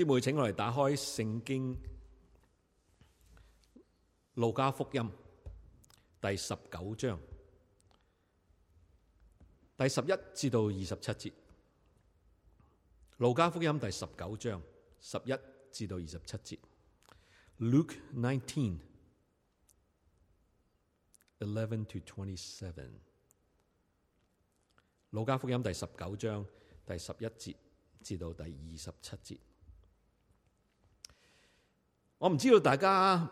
姊妹，請我嚟打開《聖經路加福音》第十九章第十一至到二十七節，《路加福音》第十九章十一至到二十七節，《Luke Nineteen Eleven to Twenty Seven》，《路加福音》第十九章第十一節至到第二十七節。我唔知道大家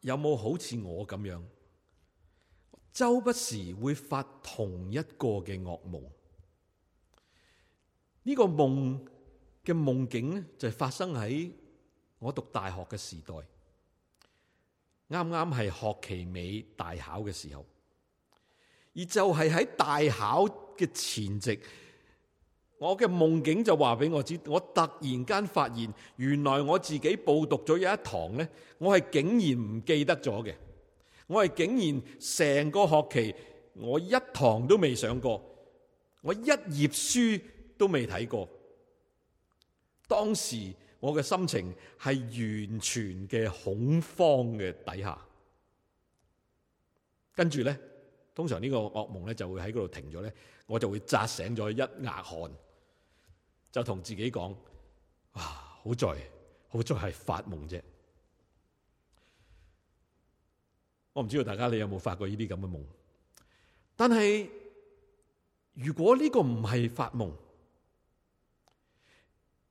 有冇好似我咁樣，周不時會發同一個嘅噩夢。呢個夢嘅夢境咧，就係發生喺我讀大學嘅時代，啱啱係學期尾大考嘅時候，而就係喺大考嘅前夕。我嘅夢境就話俾我知，我突然間發現，原來我自己報讀咗有一堂咧，我係竟然唔記得咗嘅，我係竟然成個學期我一堂都未上過，我一頁書都未睇過。當時我嘅心情係完全嘅恐慌嘅底下，跟住咧，通常呢個噩夢咧就會喺嗰度停咗咧，我就會扎醒咗一額汗。就同自己講：啊，好在好在係發夢啫。我唔知道大家你有冇發過呢啲咁嘅夢？但係如果呢個唔係發夢，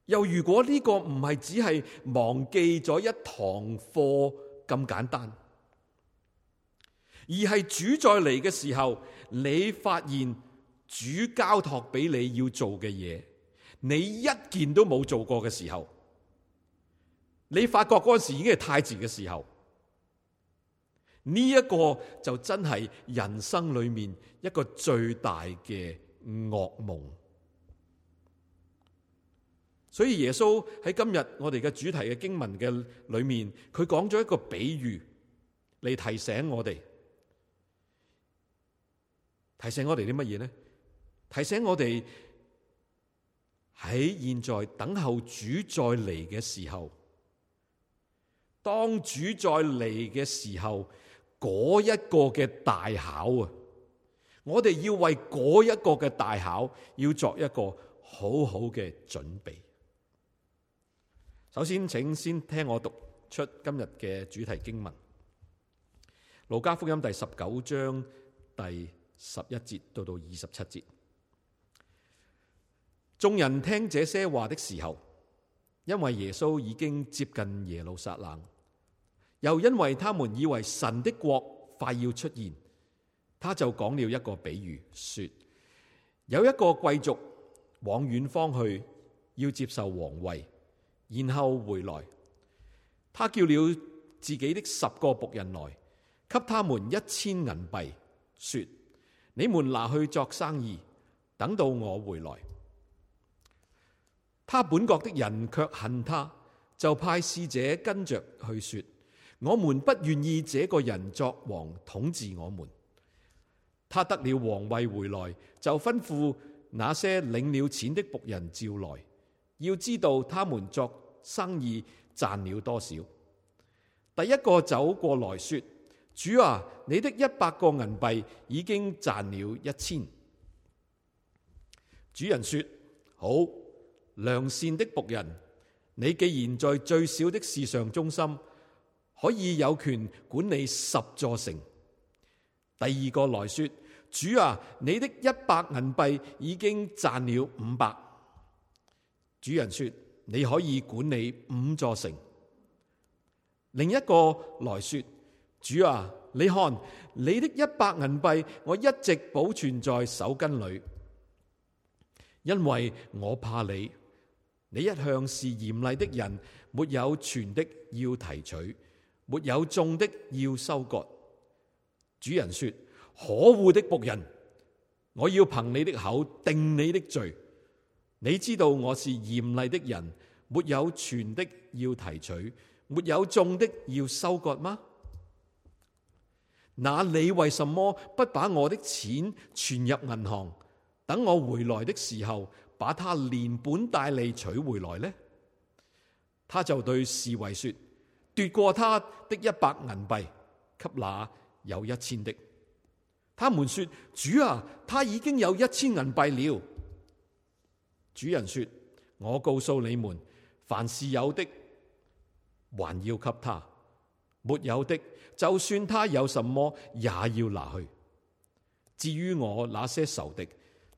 又如果呢個唔係只係忘記咗一堂課咁簡單，而係主再嚟嘅時候，你發現主交託俾你要做嘅嘢。你一件都冇做過嘅時候，你發覺嗰時已經係太遲嘅時候，呢一個就真係人生裏面一個最大嘅噩夢。所以耶穌喺今日我哋嘅主題嘅經文嘅裏面，佢講咗一個比喻嚟，提醒我哋，提醒我哋啲乜嘢呢？提醒我哋。喺現在等候主再嚟嘅時候，當主再嚟嘅時候，嗰一個嘅大考啊，我哋要為嗰一個嘅大考，要作一個很好好嘅準備。首先，請先聽我讀出今日嘅主題經文，《路加福音》第十九章第十一節到到二十七節。眾人聽這些話的時候，因為耶穌已經接近耶路撒冷，又因為他們以為神的國快要出現，他就講了一個比喻，說：有一個貴族往遠方去，要接受皇位，然後回來，他叫了自己的十個僕人來，給他們一千銀幣，說：你們拿去做生意，等到我回來。他本國的人卻恨他，就派使者跟着去說：我們不願意這個人作王統治我們。他得了皇位回來，就吩咐那些領了錢的僕人召來，要知道他們作生意賺了多少。第一個走過來說：主啊，你的一百個銀幣已經賺了一千。主人說：好。良善的僕人，你既然在最小的事上忠心，可以有權管理十座城。第二個來說，主啊，你的一百銀幣已經賺了五百。主人說，你可以管理五座城。另一個來說，主啊，你看你的一百銀幣，我一直保存在手巾裏，因為我怕你。你一向是嚴厲的人，沒有存的要提取，沒有種的要收割。主人說：可惡的僕人，我要憑你的口定你的罪。你知道我是嚴厲的人，沒有存的要提取，沒有種的要收割嗎？那你為什麼不把我的錢存入銀行，等我回來的時候？把他連本帶利取回來呢，他就對侍衛說：奪過他的一百銀幣，給那有一千的。他們說：主啊，他已經有一千銀幣了。主人說：我告訴你們，凡是有的，還要給他；沒有的，就算他有什麼，也要拿去。至於我那些仇敵。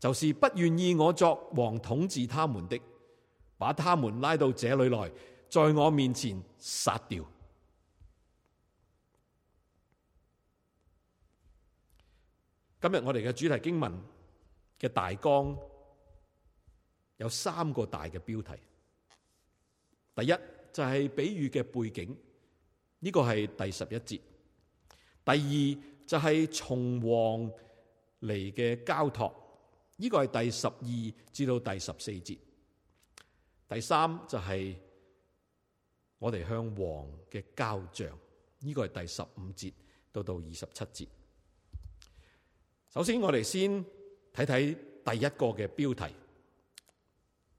就是不願意我作王統治他們的，把他們拉到這裏來，在我面前殺掉。今日我哋嘅主題經文嘅大綱有三個大嘅標題。第一就係比喻嘅背景，呢、這個係第十一節。第二就係從王嚟嘅交託。呢個係第十二至到第十四節，第三就係我哋向王嘅交賬，呢個係第十五節到到二十七節。首先，我哋先睇睇第一個嘅標題，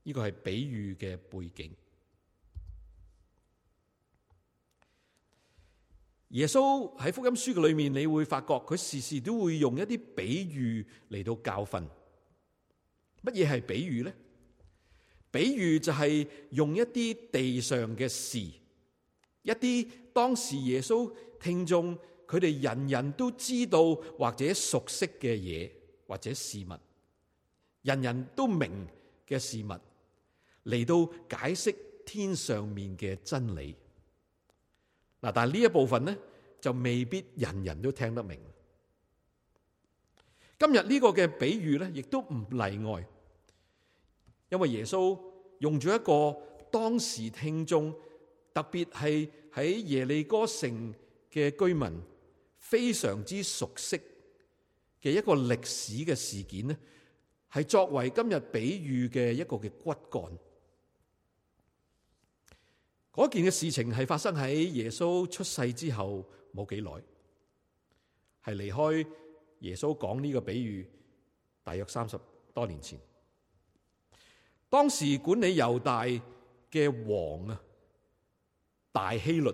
呢個係比喻嘅背景。耶穌喺福音書嘅裏面，你會發覺佢時時都會用一啲比喻嚟到教訓。乜嘢係比喻咧？比喻就係用一啲地上嘅事，一啲當時耶穌聽眾佢哋人人都知道或者熟悉嘅嘢或者事物，人人都明嘅事物嚟到解釋天上面嘅真理。嗱，但係呢一部分呢，就未必人人都聽得明。今日呢個嘅比喻呢，亦都唔例外。因為耶穌用咗一個當時聽眾，特別係喺耶利哥城嘅居民非常之熟悉嘅一個歷史嘅事件咧，係作為今日比喻嘅一個嘅骨幹。嗰件嘅事情係發生喺耶穌出世之後冇幾耐，係離開耶穌講呢個比喻大約三十多年前。當時管理猶大嘅王啊，大希律，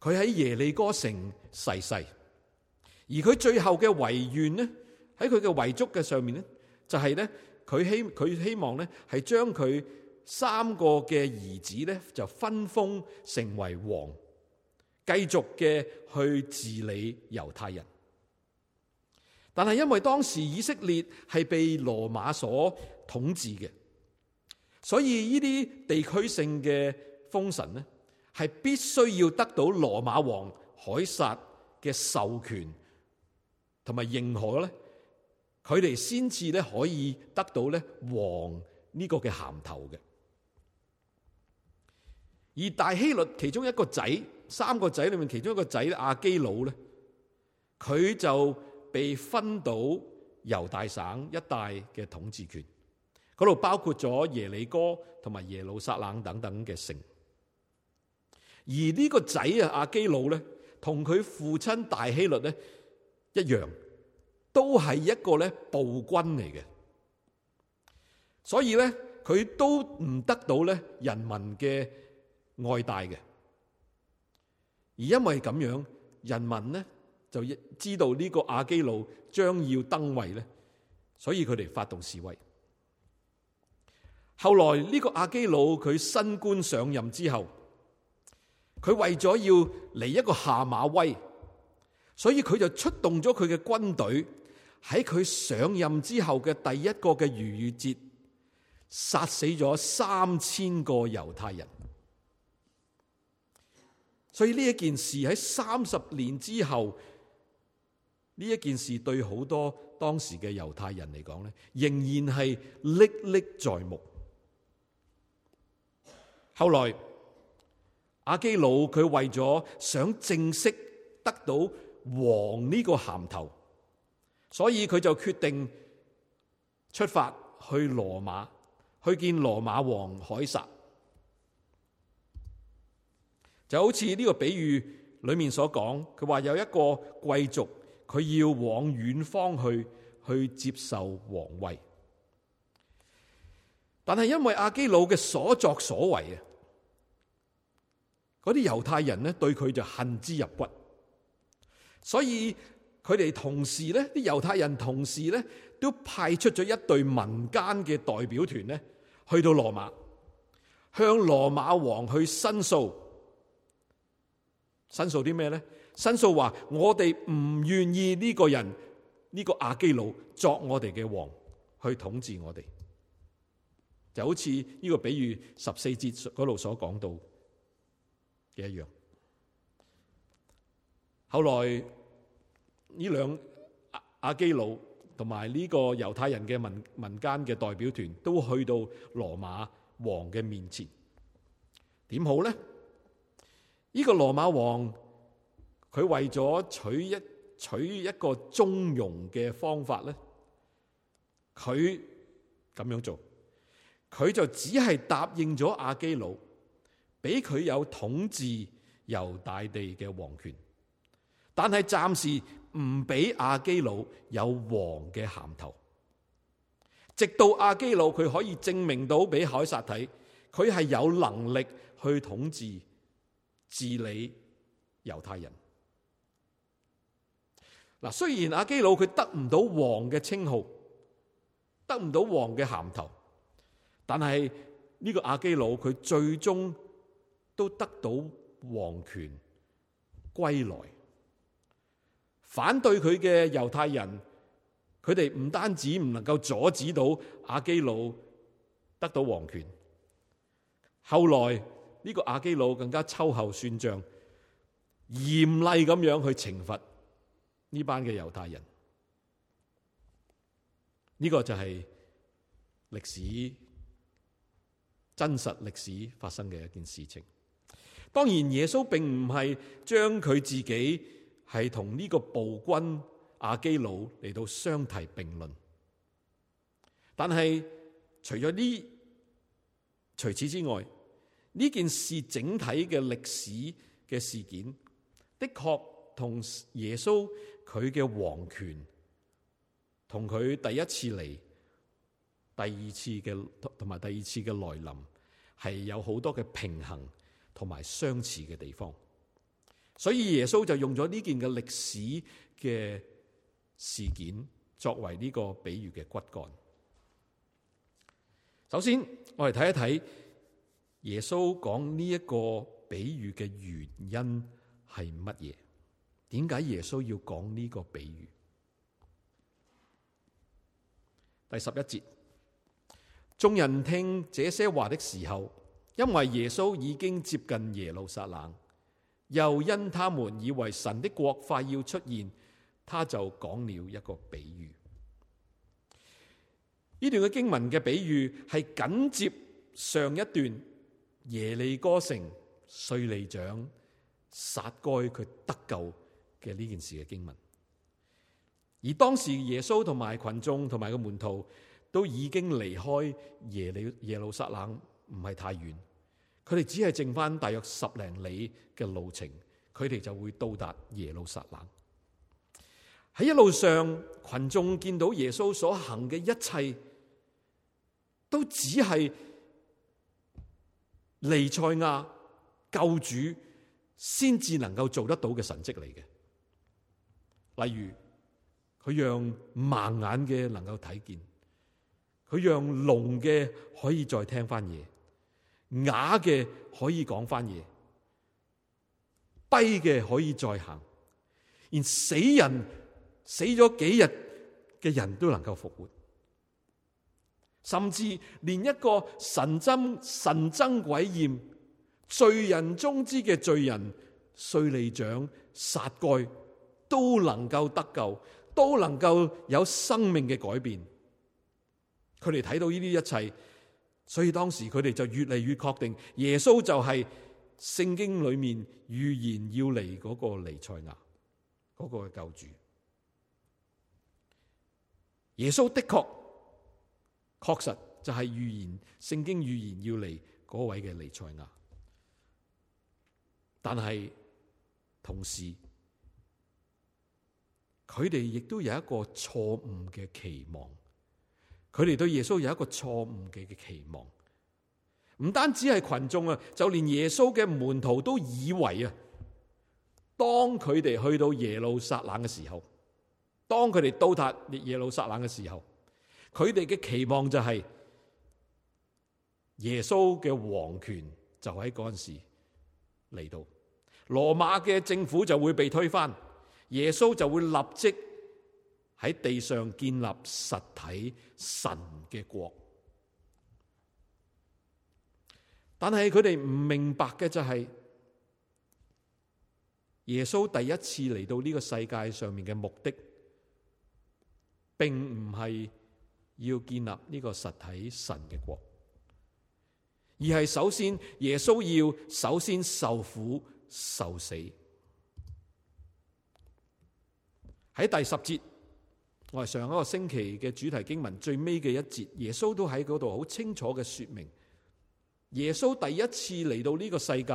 佢喺耶利哥城逝世，而佢最後嘅遺願呢，喺佢嘅遺囑嘅上面呢，就係呢，佢希佢希望呢係將佢三個嘅兒子呢就分封成為王，繼續嘅去治理猶太人，但係因為當時以色列係被羅馬所統治嘅。所以呢啲地區性嘅封神咧，係必須要得到羅馬王凱撒嘅授權同埋認可咧，佢哋先至咧可以得到咧王呢個嘅銜頭嘅。而大希律其中一個仔，三個仔裏面其中一個仔咧，亞基老咧，佢就被分到猶大省一帶嘅統治權。嗰度包括咗耶利哥同埋耶路撒冷等等嘅城，而呢個仔啊亞基老咧，同佢父親大希律咧一樣，都係一個咧暴君嚟嘅，所以咧佢都唔得到咧人民嘅愛戴嘅，而因為咁樣，人民呢就知道呢個亞基老將要登位咧，所以佢哋發動示威。後來呢個亞基老佢新官上任之後，佢為咗要嚟一個下馬威，所以佢就出動咗佢嘅軍隊喺佢上任之後嘅第一個嘅逾越節，殺死咗三千個猶太人。所以呢一件事喺三十年之後，呢一件事對好多當時嘅猶太人嚟講咧，仍然係歷歷在目。後來，亞基老佢為咗想正式得到王呢個銜頭，所以佢就決定出發去羅馬去見羅馬王凱撒。就好似呢個比喻裏面所講，佢話有一個貴族佢要往遠方去去接受皇位，但係因為亞基老嘅所作所為啊！嗰啲猶太人呢對佢就恨之入骨，所以佢哋同時呢啲猶太人同時呢都派出咗一隊民間嘅代表團呢去到羅馬，向羅馬王去申訴，申訴啲咩呢？申訴話我哋唔願意呢個人，呢個亞基老作我哋嘅王去統治我哋，就好似呢個比喻十四節嗰度所講到。一樣。後來呢兩亞基老同埋呢個猶太人嘅民民間嘅代表團都去到羅馬王嘅面前，點好呢？呢、呢個羅馬王佢為咗取一取一個中庸嘅方法呢，佢咁樣做，佢就只係答應咗亞基老。俾佢有統治猶大地嘅皇權，但係暫時唔俾亞基老有王嘅銜頭。直到亞基老佢可以證明到俾凱撒睇，佢係有能力去統治治理猶太人。嗱，雖然亞基老佢得唔到王嘅稱號，得唔到王嘅銜頭，但係呢個亞基老佢最終。都得到皇權歸來，反對佢嘅猶太人，佢哋唔單止唔能夠阻止到亞基老得到皇權，後來呢個亞基老更加秋後算賬，嚴厲咁樣去懲罰呢班嘅猶太人，呢個就係歷史真實歷史發生嘅一件事情。當然，耶穌並唔係將佢自己係同呢個暴君亞基老嚟到相提並論。但係除咗呢，除此之外，呢件事整體嘅歷史嘅事件，的確同耶穌佢嘅皇權，同佢第一次嚟、第二次嘅同埋第二次嘅來臨，係有好多嘅平衡。同埋相似嘅地方，所以耶穌就用咗呢件嘅歷史嘅事件作為呢個比喻嘅骨幹。首先，我哋睇一睇耶穌講呢一個比喻嘅原因係乜嘢？點解耶穌要講呢個比喻？第十一節，眾人聽這些話的時候。因為耶穌已經接近耶路撒冷，又因他們以為神的國快要出現，他就講了一個比喻。呢段嘅經文嘅比喻係緊接上一段耶利哥城稅吏長撒該佢得救嘅呢件事嘅經文。而當時耶穌同埋群眾同埋個門徒都已經離開耶利耶路撒冷唔係太遠。佢哋只係剩翻大約十零里嘅路程，佢哋就會到達耶路撒冷。喺一路上，群眾見到耶穌所行嘅一切，都只係彌賽亞救主先至能夠做得到嘅神蹟嚟嘅。例如，佢讓盲眼嘅能夠睇見，佢讓聾嘅可以再聽翻嘢。啞嘅可以講翻嘢，跛嘅可以再行，連死人死咗幾日嘅人都能夠復活，甚至連一個神憎神憎鬼厭、罪人中之嘅罪人、稅吏長撒該都能夠得救，都能夠有生命嘅改變。佢哋睇到呢啲一切。所以當時佢哋就越嚟越確定耶穌就係聖經裏面預言要嚟嗰個彌賽亞嗰個嘅救主。耶穌的確確實就係預言聖經預言要嚟嗰位嘅彌賽亞，但係同時佢哋亦都有一個錯誤嘅期望。佢哋對耶穌有一個錯誤嘅嘅期望，唔單止係群眾啊，就連耶穌嘅門徒都以為啊，當佢哋去到耶路撒冷嘅時候，當佢哋到達耶路撒冷嘅時候，佢哋嘅期望就係耶穌嘅皇權就喺嗰陣時嚟到，羅馬嘅政府就會被推翻，耶穌就會立即。喺地上建立實體神嘅國，但係佢哋唔明白嘅就係耶穌第一次嚟到呢個世界上面嘅目的，並唔係要建立呢個實體神嘅國，而係首先耶穌要首先受苦受死。喺第十節。我係上一個星期嘅主題經文最尾嘅一節，耶穌都喺嗰度好清楚嘅說明，耶穌第一次嚟到呢個世界，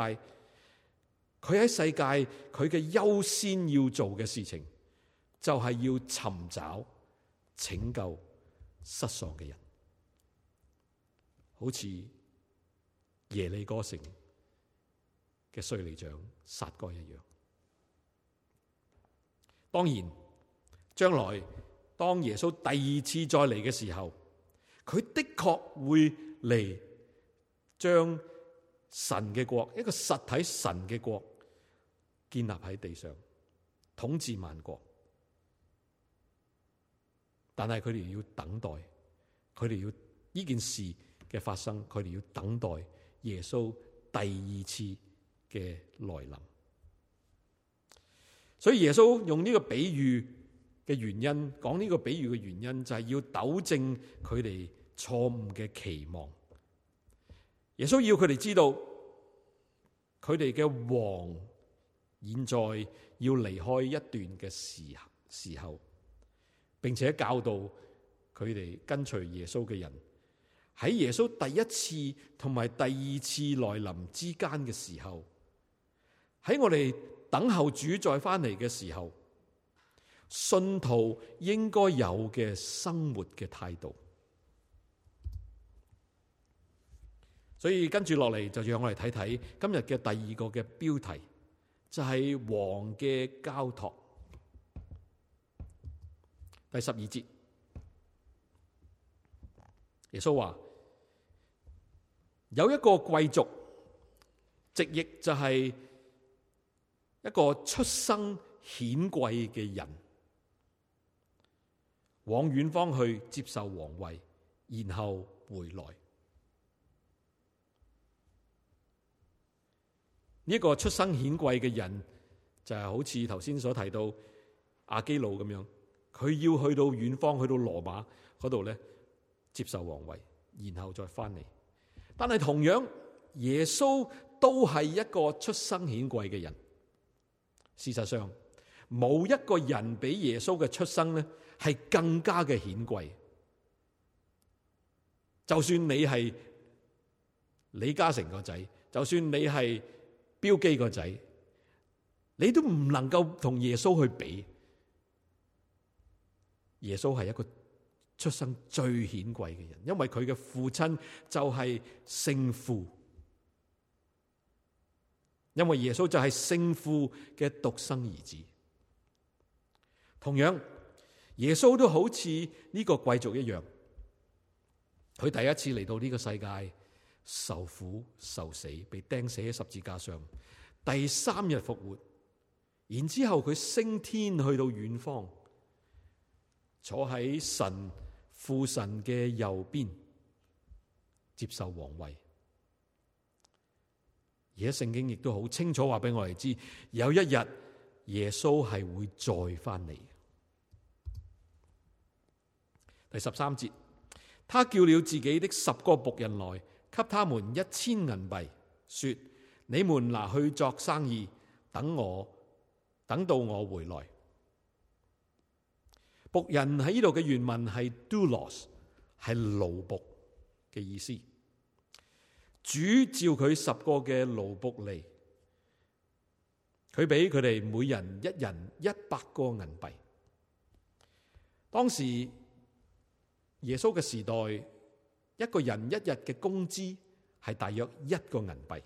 佢喺世界佢嘅優先要做嘅事情，就係、是、要尋找拯救失喪嘅人，好似耶利哥城嘅稅吏長撒該一樣。當然，將來。當耶穌第二次再嚟嘅時候，佢的確會嚟將神嘅國，一個實體神嘅國建立喺地上，統治萬國。但係佢哋要等待，佢哋要呢件事嘅發生，佢哋要等待耶穌第二次嘅來臨。所以耶穌用呢個比喻，嘅原因，講呢個比喻嘅原因，就係要糾正佢哋錯誤嘅期望。耶穌要佢哋知道，佢哋嘅王現在要離開一段嘅時時候，並且教導佢哋跟隨耶穌嘅人，喺耶穌第一次同埋第二次來臨之間嘅時候，喺我哋等候主再翻嚟嘅時候。信徒應該有嘅生活嘅態度，所以跟住落嚟就讓我哋睇睇今日嘅第二個嘅標題，就是，就係王嘅交託。第十二節，耶穌話：有一個貴族，直譯就係一個出生顯貴嘅人。往遠方去接受王位，然後回來。呢、這個出生顯貴嘅人就係、是，好似頭先所提到亞基老咁樣，佢要去到遠方去到羅馬嗰度咧，接受王位，然後再翻嚟。但係同樣耶穌都係一個出生顯貴嘅人。事實上，冇一個人比耶穌嘅出生咧。係更加嘅顯貴，就算你係李嘉誠個仔，就算你係標基個仔,你都唔能夠同耶穌去比。耶穌係一個出生最顯貴嘅人,因為佢嘅父親就係聖父,因為耶穌就係聖父嘅獨生兒子。同樣。耶穌都好似呢個貴族一樣，佢第一次嚟到呢個世界受苦受死，被釘死喺十字架上，第三日復活，然之後佢升天去到遠方，坐喺神父神嘅右邊，接受皇位。而家聖經亦都好清楚話俾我哋知，有一日耶穌係會再翻嚟。第十三節，他叫了自己的十個僕人來，給他們一千銀幣，說：你們拿去做生意，等我等到我回來。僕人喺呢度嘅原文係 dulos，係奴僕嘅意思。主召佢十個嘅奴僕嚟，佢俾佢哋每人一人一百個銀幣。當時。耶穌嘅時代，一個人一日嘅工資係大約一個銀幣，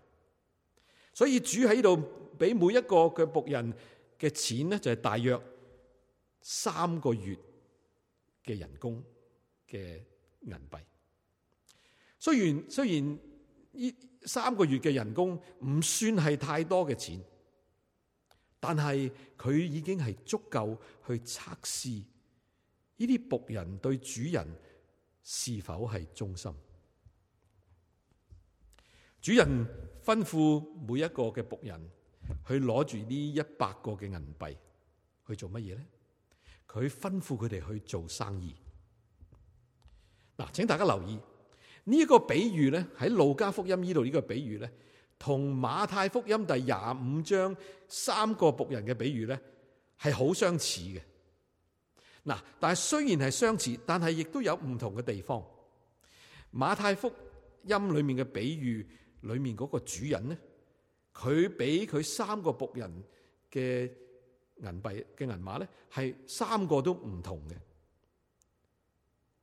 所以主喺度俾每一個嘅僕人嘅錢呢，就係大約三個月嘅人工嘅銀幣。雖然雖然呢三個月嘅人工唔算係太多嘅錢，但係佢已經係足夠去測試呢啲僕人對主人。是否係忠心？主人吩咐每一個嘅僕人去攞住呢一百個嘅銀幣去做乜嘢咧？佢吩咐佢哋去做生意。嗱，請大家留意呢一個比喻咧，喺路加福音呢度呢個比喻咧，同馬太福音第廿五章三個僕人嘅比喻咧，係好相似嘅。嗱，但係雖然係相似，但係亦都有唔同嘅地方。馬太福音裏面嘅比喻裏面嗰個主人呢，佢俾佢三個僕人嘅銀幣嘅銀碼咧，係三個都唔同嘅。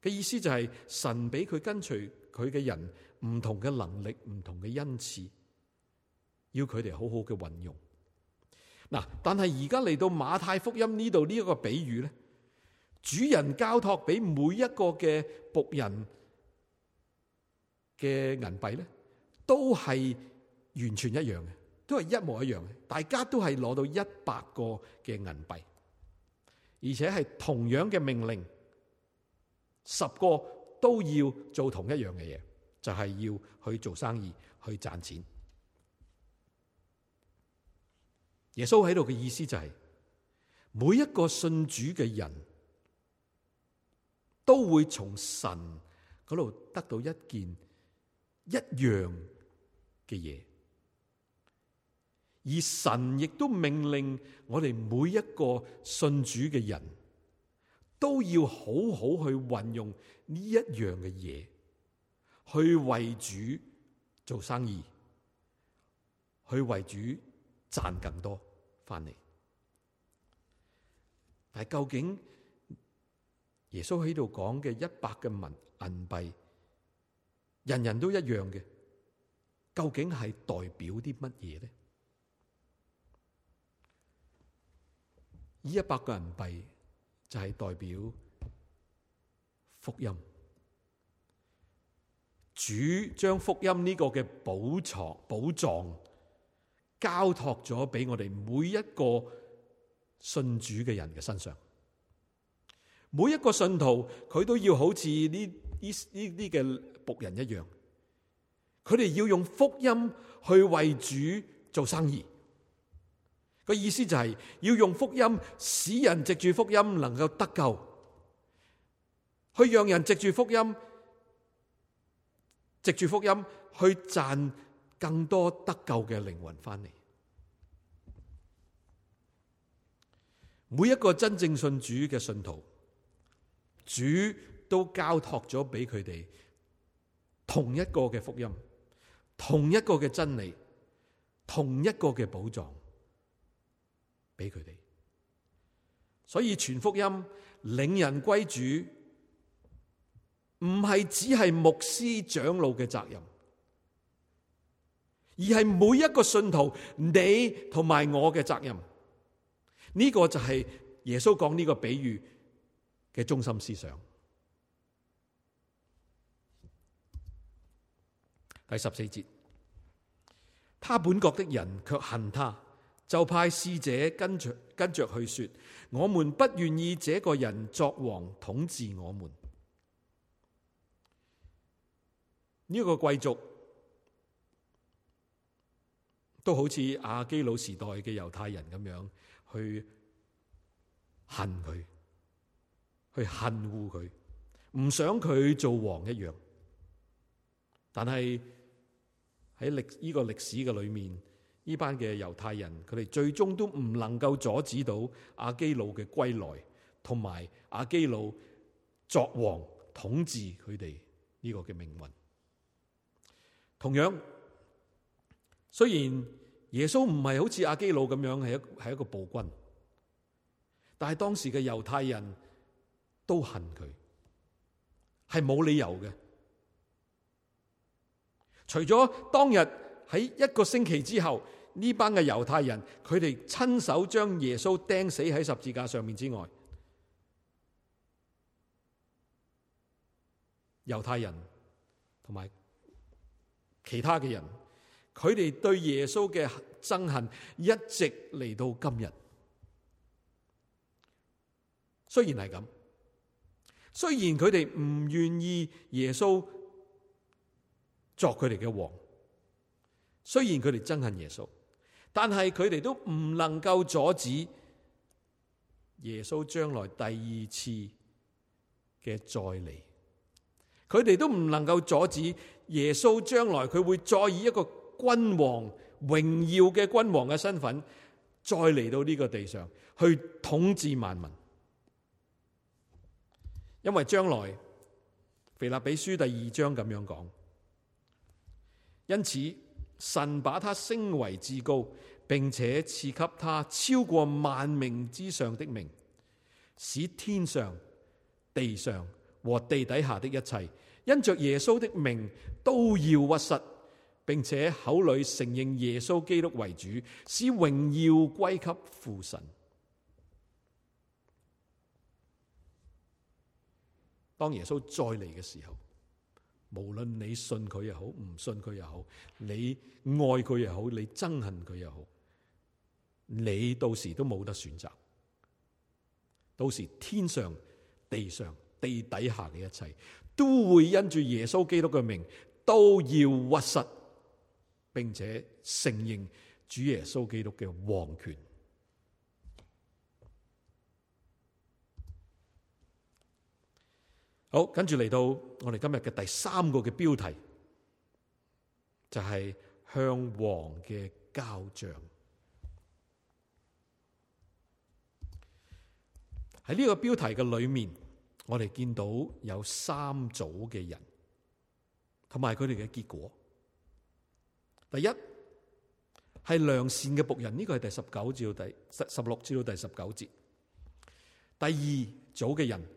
嘅意思就係、是、神俾佢跟隨佢嘅人唔同嘅能力，唔同嘅恩賜，要佢哋好好嘅運用。嗱，但係而家嚟到馬太福音呢度呢一個比喻咧，主人交託俾每一個嘅僕人嘅銀幣咧，都係完全一樣嘅，都係一模一樣嘅，大家都係攞到一百個嘅銀幣，而且係同樣嘅命令，十個都要做同一樣嘅嘢，就係要去做生意，去賺錢。耶穌喺度嘅意思就係每一個信主嘅人，都會從神嗰度得到一件一樣嘅嘢，而神亦都命令我哋每一個信主嘅人都要好好去運用呢一樣嘅嘢，去為主做生意，去為主賺更多翻嚟。但係究竟？耶穌喺度講嘅一百個文銀幣，人人都一樣嘅，究竟係代表啲乜嘢呢？呢一百個銀幣就係代表福音，主將福音呢個嘅寶藏、寶藏交託咗俾我哋每一個信主嘅人嘅身上。每一個信徒，佢都要好似呢呢呢啲嘅僕人一樣，佢哋要用福音去為主做生意。個意思就係要用福音使人藉住福音能夠得救，去讓人藉住福音、藉住福音去賺更多得救嘅靈魂翻嚟。每一個真正信主嘅信徒。主都交託咗俾佢哋，同一個嘅福音，同一個嘅真理，同一個嘅寶藏，俾佢哋。所以全福音領人歸主，唔係只係牧師長老嘅責任，而係每一個信徒你同埋我嘅責任。呢個就係耶穌講呢個比喻嘅中心思想。第十四節，他本國的人卻恨他，就派使者跟着跟着去說：我們不願意這個人作王統治我們。呢、這個貴族都好似亞基老時代嘅猶太人咁樣去恨佢。去恨惡佢，唔想佢做王一樣。但係喺歷呢、呢個歷史嘅裏面，呢班嘅猶太人佢哋最終都唔能夠阻止到亞基老嘅歸來，同埋亞基老作王統治佢哋呢個嘅命運。同樣，雖然耶穌唔係好似亞基老咁樣係一係一個暴君，但係當時嘅猶太人。都恨佢，係冇理由嘅。除咗當日喺一個星期之後，呢班嘅猶太人，佢哋親手將耶穌釘死喺十字架上面之外，猶太人同埋其他嘅人，佢哋對耶穌嘅憎恨一直嚟到今日。雖然係咁。雖然佢哋唔願意耶穌作佢哋嘅王，雖然佢哋憎恨耶穌，但係佢哋都唔能夠阻止耶穌將來第二次嘅再嚟。佢哋都唔能夠阻止耶穌將來，佢會再以一個君王，榮耀嘅君王嘅身份，再嚟到呢個地上，去統治萬民。因為將來《腓立比書》第二章咁樣講，因此神把他升為至高，並且賜給他超過萬名之上的名，使天上、地上和地底下的一切，因着耶穌的名都要屈膝，並且口裏承認耶穌基督為主，使榮耀歸給父神。當耶穌再嚟嘅時候，無論你信佢又好，唔信佢又好，你愛佢又好，你憎恨佢又好，你到時都冇得選擇。到時天上、地上、地底下嘅一切，都會因住耶穌基督嘅名，都要屈膝，並且承認主耶穌基督嘅王權。好，跟住嚟到我哋今日嘅第三個嘅標題，就係、是、向王嘅交賬。喺呢個標題嘅裏面，我哋見到有三組嘅人，同埋佢哋嘅結果。第一係良善嘅僕人，呢、這個係第十九至第十十六至到第十九節。第二組嘅人。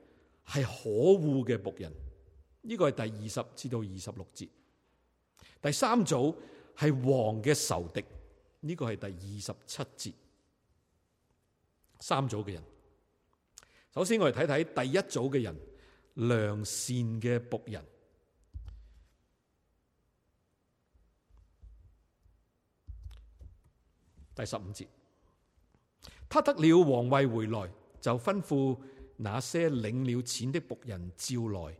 係可惡嘅僕人，呢個係第二十至到二十六節。第三組係王嘅仇敵，呢個係第二十七節。三組嘅人，首先我哋睇睇第一組嘅人，良善嘅僕人，第十五節，他得了皇位回來，就吩咐。那些領了錢的僕人召來，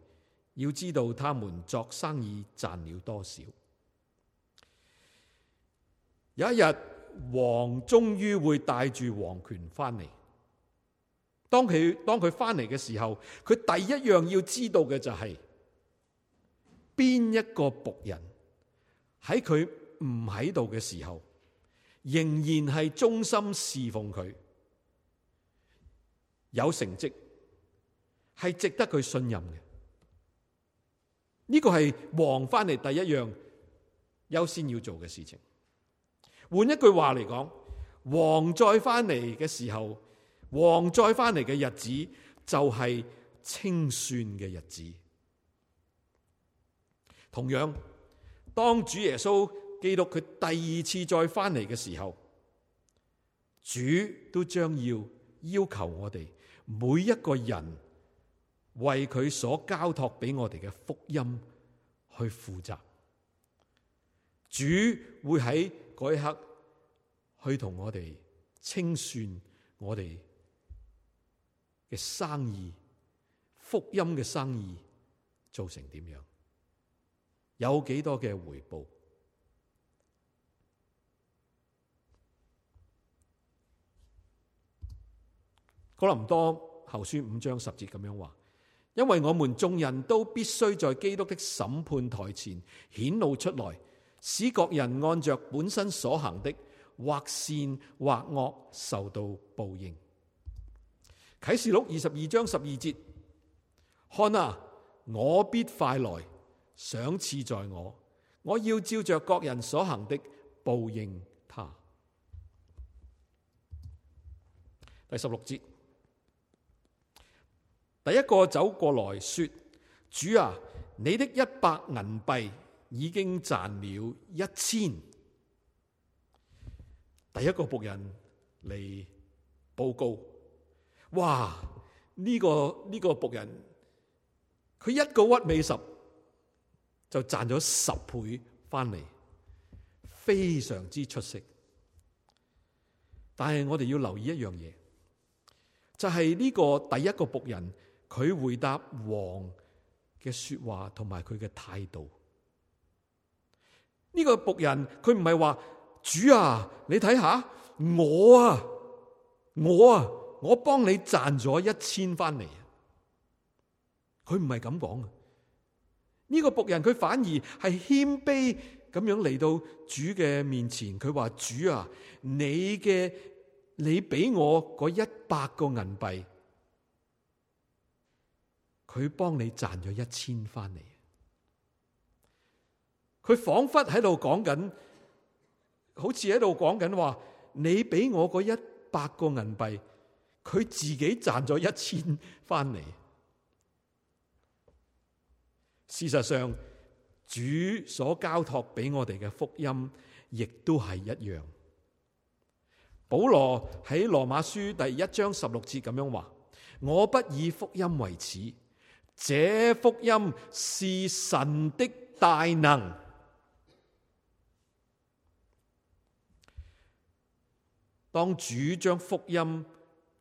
要知道他們做生意賺了多少。有一日，王終於會帶住王權翻嚟。當佢當佢翻嚟嘅時候，佢第一樣要知道嘅就係：邊一個僕人喺佢唔喺度嘅時候，仍然係忠心侍奉佢，有成績。係值得佢信任嘅，呢、這個係王翻嚟，第一樣優先要做嘅事情。換一句話嚟講，王再翻嚟嘅時候，王再翻嚟嘅日子就係清算嘅日子。同樣，當主耶穌基督佢第二次再翻嚟嘅時候，主都將要要求我哋每一個人。為佢所交託俾我哋嘅福音去負責，主會喺嗰一刻去同我哋清算我哋嘅生意，福音嘅生意做成點樣，有幾多嘅回報？可能唔多，後書五章十節咁樣話。因為我們眾人都必須在基督的審判台前顯露出來，使各人按着本身所行的，或善或惡，受到報應。啟示錄二十二章十二節：看啊，我必快來，賞賜在我，我要照着各人所行的報應他。第十六節。第一個走過來說：主啊，你的一百銀幣已經賺了一千。第一個僕人嚟報告，哇，呢、這個呢、這個僕人，佢一個屈尾十就賺咗十倍翻嚟，非常之出色。但係我哋要留意一樣嘢，就係、是、呢個第一個僕人。佢回答王嘅說話同埋佢嘅態度。呢個僕人佢唔係話，主啊，你睇下我啊，我啊，我幫你賺咗一千翻嚟。佢唔係咁講。呢個僕人佢反而係謙卑咁樣嚟到主嘅面前，佢話，主啊，你嘅你俾我嗰一百個銀幣，佢幫你賺咗一千翻嚟，佢仿佛喺度講緊，好似喺度講緊話，你俾我嗰一百個銀幣，佢自己賺咗一千翻嚟。事實上，主所交託俾我哋嘅福音，亦都係一樣。保羅喺羅馬書第一章十六節咁樣話：我不以福音為恥。這福音是神的大能。當主將福音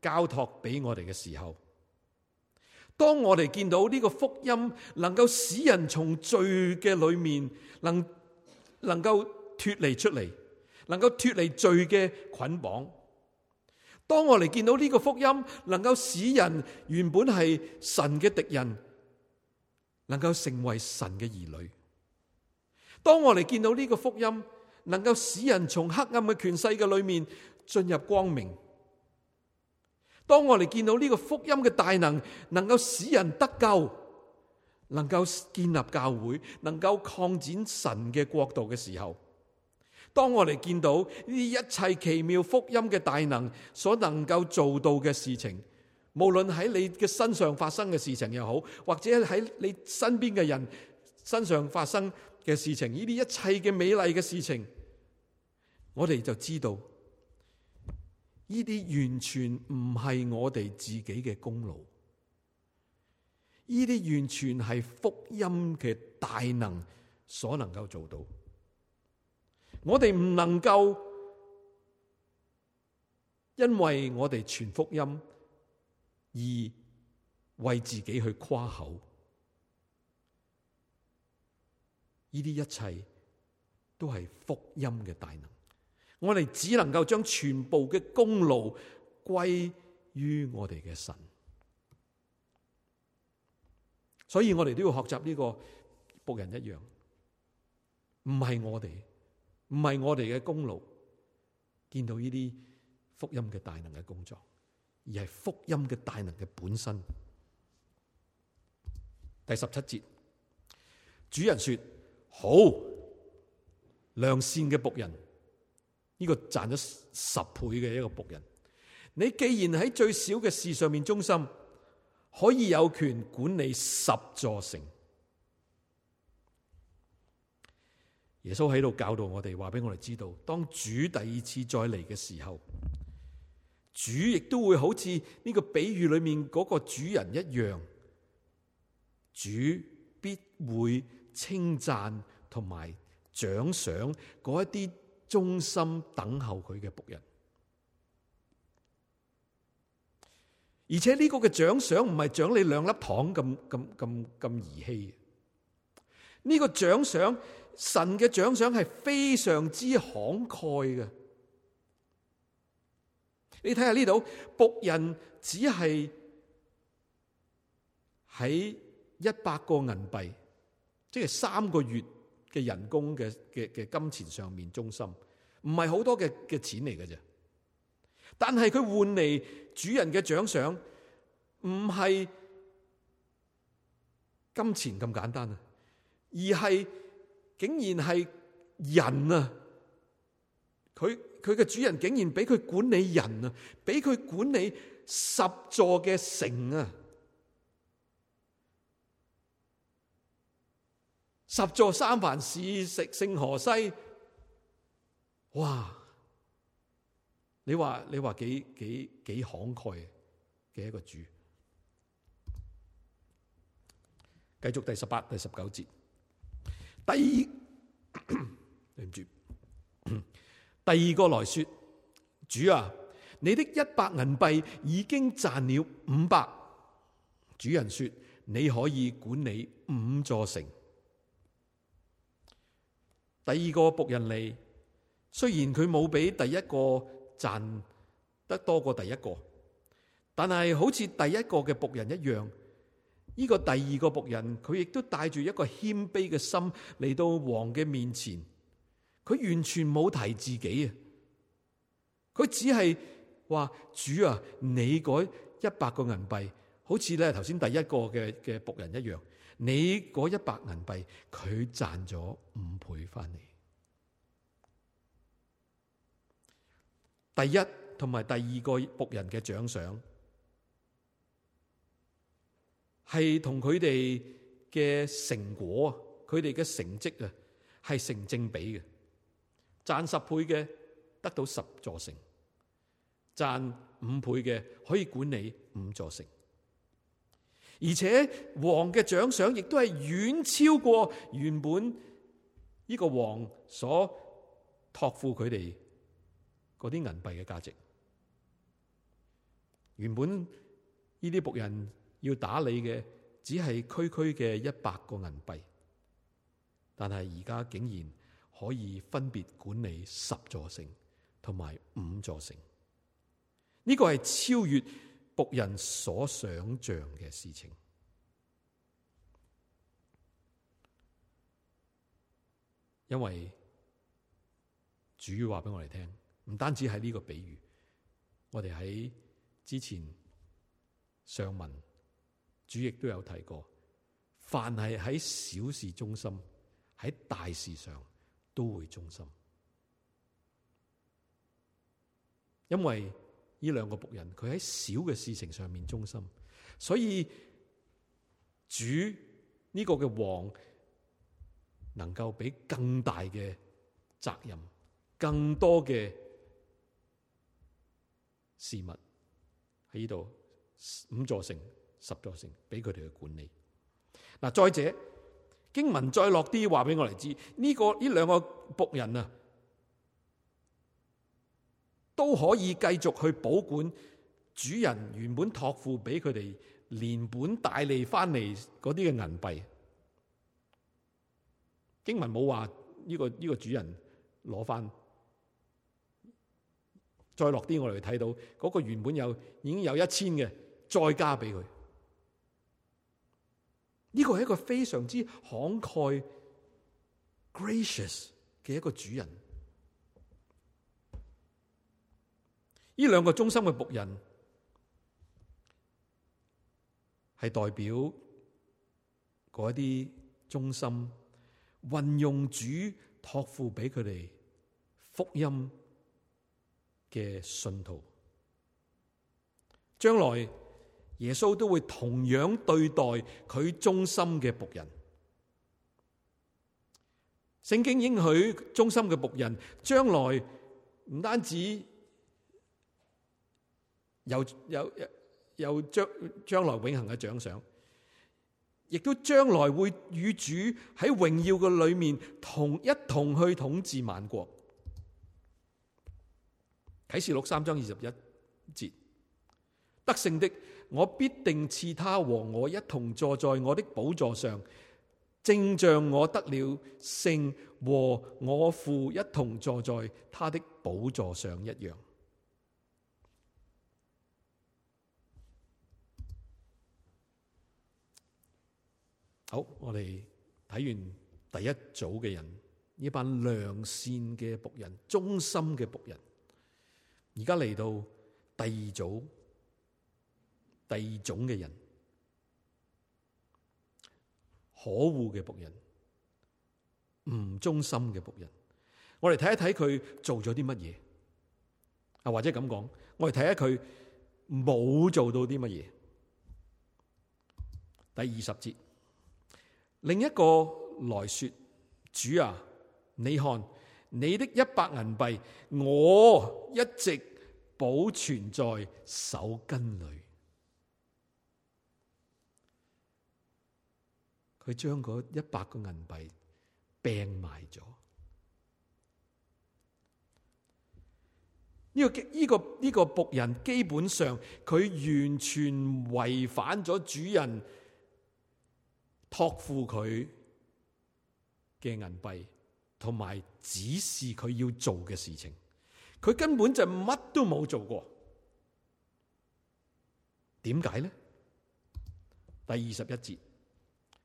交託俾我哋嘅時候，當我哋見到呢個福音能夠使人從罪嘅裏面能能夠脫離出嚟，能夠脫離罪嘅捆綁。當我哋見到呢個福音能夠使人原本係神嘅敵人，能夠成為神嘅兒女。當我哋見到呢個福音能夠使人從黑暗嘅權勢嘅裏面進入光明；當我哋見到呢個福音嘅大能能夠使人得救，能夠建立教會，能夠擴展神嘅國度嘅時候，當我哋見到呢一切奇妙福音嘅大能所能夠做到嘅事情。無論喺你嘅身上發生嘅事情又好，或者喺你身邊嘅人身上發生嘅事情，呢啲一切嘅美麗嘅事情，我哋就知道，呢啲完全唔係我哋自己嘅功勞，呢啲完全係福音嘅大能所能夠做到。我哋唔能夠，因為我哋傳福音。而為自己去誇口，呢啲一切都係福音嘅大能。我哋只能夠將全部嘅功勞歸於我哋嘅神。所以我哋都要學習呢個僕人一樣，唔係我哋，唔係我哋嘅功勞，見到呢啲福音嘅大能嘅工作。而係福音嘅大能嘅本身。第十七節，主人說：好，良善嘅僕人，呢、這個賺咗十倍嘅一個僕人，你既然喺最小嘅事上面忠心，可以有權管理十座城。耶穌喺度教導我哋，話俾我哋知道，當主第二次再嚟嘅時候。主亦都會好似呢個比喻裏面嗰個主人一樣，主必會稱讚同埋獎賞嗰一啲忠心等候佢嘅僕人。而且呢個嘅獎賞唔係獎你兩粒糖咁咁咁咁兒戲，呢個獎賞，神嘅獎賞係非常之慷慨嘅。你睇下呢度僕人只係喺一百個銀幣，即係三個月嘅人工嘅嘅嘅金錢上面忠心，唔係好多嘅嘅錢嚟嘅啫。但係佢換嚟主人嘅獎賞，唔係金錢咁簡單啊，而係竟然係人啊，佢。佢嘅主人竟然俾佢管理人啊，俾佢管理十座嘅城啊，十座三藩市食聖荷西，哇！你話你話幾幾幾慷慨啊嘅一個主，繼續第十八、第十九節，第二咳咳對唔住。第二個來說，主啊，你的一百銀幣已經賺了五百。主人說，你可以管理五座城。第二個僕人嚟，雖然佢冇比第一個賺得多過第一個，但係好似第一個嘅僕人一樣，呢、這個第二個僕人佢亦都帶住一個謙卑嘅心嚟到王嘅面前。佢完全冇提自己啊！佢只係話，主啊，你嗰一百個銀幣，好似咧頭先第一個嘅嘅僕人一樣，你嗰一百銀幣，佢賺咗五倍返嚟。第一同埋第二個僕人嘅獎賞，係同佢哋嘅成果啊，佢哋嘅成績啊，係成正比嘅。賺十倍嘅得到十座城，賺五倍嘅可以管理五座城，而且王嘅獎賞亦都係遠超過原本呢個王所託付佢哋嗰啲銀幣嘅價值。原本呢啲僕人要打理嘅只係區區嘅一百個銀幣，但係而家竟然。可以分別管理十座城同埋五座城，呢個係超越僕人所想象嘅事情。因為主話俾我哋聽，唔單止喺呢個比喻，我哋喺之前上文主亦都有提過，凡係喺小事忠心，喺大事上。都會忠心，因為呢兩個僕人佢喺小嘅事情上面忠心，所以主呢個嘅王能夠俾更大嘅責任、更多嘅事物，喺呢度，五座城、十座城俾佢哋去管理。嗱，再者，經文再落啲話俾我哋知，呢個呢兩個僕人啊，都可以繼續去保管主人原本託付俾佢哋連本帶利翻嚟嗰啲嘅銀幣。經文冇話呢個呢個主人攞翻，再落啲我哋睇到嗰個原本有已經有一千嘅，再加俾佢。呢個係一個非常之慷慨、gracious 嘅一個主人。呢兩個忠心嘅僕人係代表嗰一啲忠心運用主托付俾佢哋福音嘅信徒，將來。耶穌都會同樣對待佢忠心嘅僕人。聖經應許忠心嘅僕人將來唔單止有有有將將來永恒嘅獎賞，亦都將來會與主喺榮耀嘅裏面同一同去統治萬國。啟示錄三章二十一節，得勝的。我必定賜他和我一同坐在我的寶座上，正像我得了勝和我父一同坐在他的寶座上一樣。好，我哋睇完第一組嘅人，呢班良善嘅僕人、忠心嘅僕人，而家嚟到第二組。第二種嘅人，可惡嘅僕人，唔忠心嘅僕人。我哋睇一睇佢做咗啲乜嘢啊？或者咁講，我哋睇下佢冇做到啲乜嘢。第二十節，另一個來說，主啊，你看你的一百銀幣，我一直保存在手巾裏。佢將嗰一百個銀幣病埋咗。呢個、呢個、呢個僕人基本上佢完全違反咗主人托付佢嘅銀幣，同埋指示佢要做嘅事情。佢根本就乜都冇做過。點解咧？第二十一節。